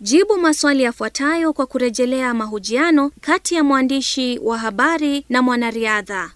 Jibu maswali yafuatayo kwa kurejelea mahojiano kati ya mwandishi wa habari na mwanariadha.